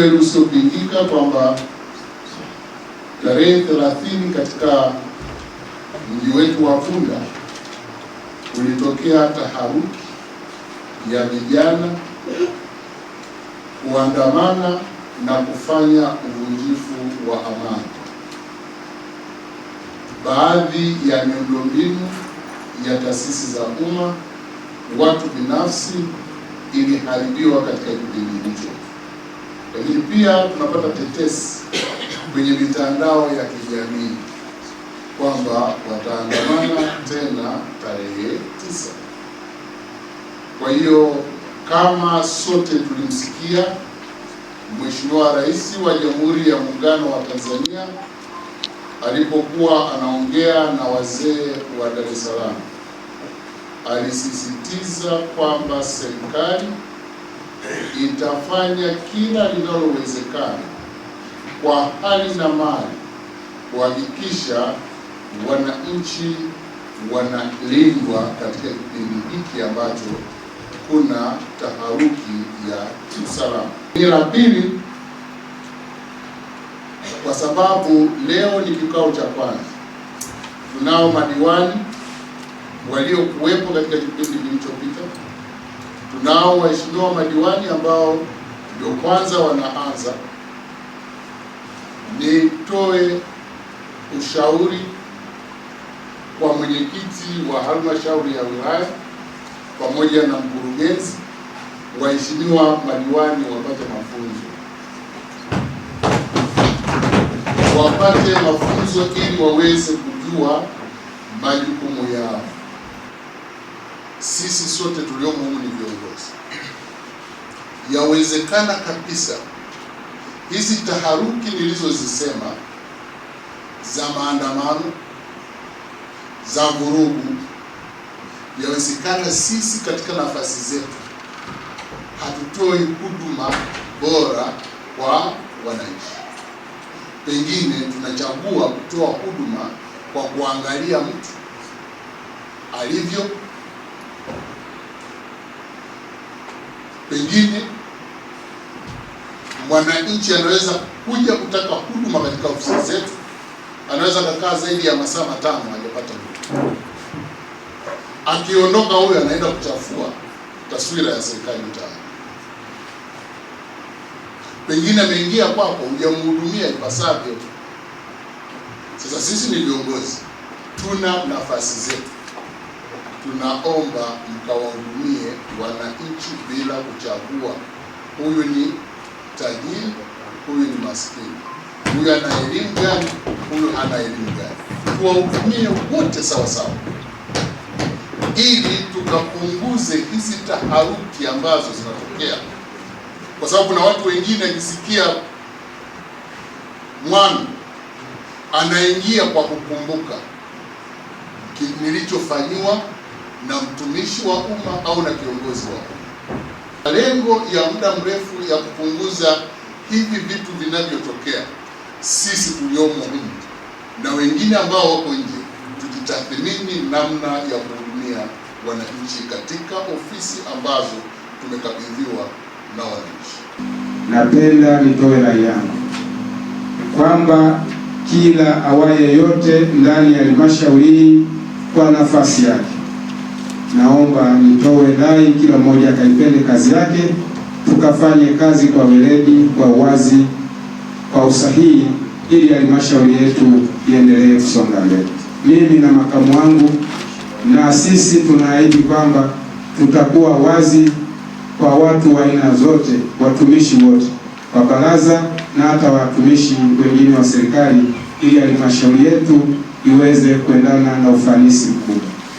ukweli usiopingika kwamba tarehe thelathini katika mji wetu wa Funda kulitokea taharuki ya vijana kuandamana na kufanya uvunjifu wa amani. Baadhi ya miundombinu ya taasisi za umma, watu binafsi iliharibiwa katika kipindi hicho lakini pia tunapata tetesi kwenye mitandao ya kijamii kwamba wataandamana tena tarehe tisa. Kwa hiyo kama sote tulimsikia Mheshimiwa Rais wa Jamhuri ya Muungano wa Tanzania alipokuwa anaongea na wazee wa Dar es Salaam, alisisitiza kwamba serikali itafanya kila linalowezekana kwa hali na mali kuhakikisha wananchi wanalindwa katika kipindi hiki ambacho kuna taharuki ya kiusalama. Ni la pili, kwa sababu leo ni kikao cha kwanza, tunao madiwani waliokuwepo katika kipindi kilichopita Tunao waheshimiwa madiwani ambao ndio kwanza wanaanza. Nitoe ushauri kwa mwenyekiti wa halmashauri ya wilaya pamoja na mkurugenzi, waheshimiwa madiwani wapate mafunzo, wapate mafunzo ili waweze kujua majukumu yao sisi sote tuliomo humu ni viongozi, yawezekana kabisa hizi taharuki nilizozisema za maandamano, za vurugu, yawezekana sisi katika nafasi zetu hatutoi huduma bora kwa wananchi. Pengine tunachagua kutoa huduma kwa kuangalia mtu alivyo pengine mwananchi anaweza kuja kutaka huduma katika ofisi zetu, anaweza kukaa zaidi ya masaa matano hajapata huduma. Akiondoka huyo anaenda kuchafua taswira ya serikali mtaani. Pengine ameingia kwako, hujamhudumia ipasavyo. Sasa sisi ni viongozi, tuna nafasi zetu tunaomba mkawahudumie wananchi bila kuchagua huyu ni tajiri, huyu ni maskini, huyu ana elimu gani, huyu hana elimu gani, tuwahudumie wote sawa sawa, ili tukapunguze hizi taharuki ambazo zinatokea, kwa sababu kuna watu wengine akisikia mwana anaingia kwa kukumbuka nilichofanyiwa na mtumishi wa umma au na kiongozi wa umma. Malengo ya muda mrefu ya kupunguza hivi vitu vinavyotokea, sisi tuliomo humu na wengine ambao wako nje, tujitathmini namna ya kuhudumia wananchi katika ofisi ambazo tumekabidhiwa na wananchi. Napenda nitoe rai yangu kwamba kila awaye yote ndani ya halmashauri hii kwa nafasi yake naomba nitoe dai, kila mmoja akaipende kazi yake, tukafanye kazi kwa weledi, kwa uwazi, kwa usahihi ili halmashauri yetu iendelee kusonga mbele. Mimi na makamu wangu na sisi tunaahidi kwamba tutakuwa wazi kwa watu wa aina zote, watumishi wote wa baraza na hata watumishi wengine wa serikali, ili halmashauri yetu iweze kuendana na ufanisi mkubwa.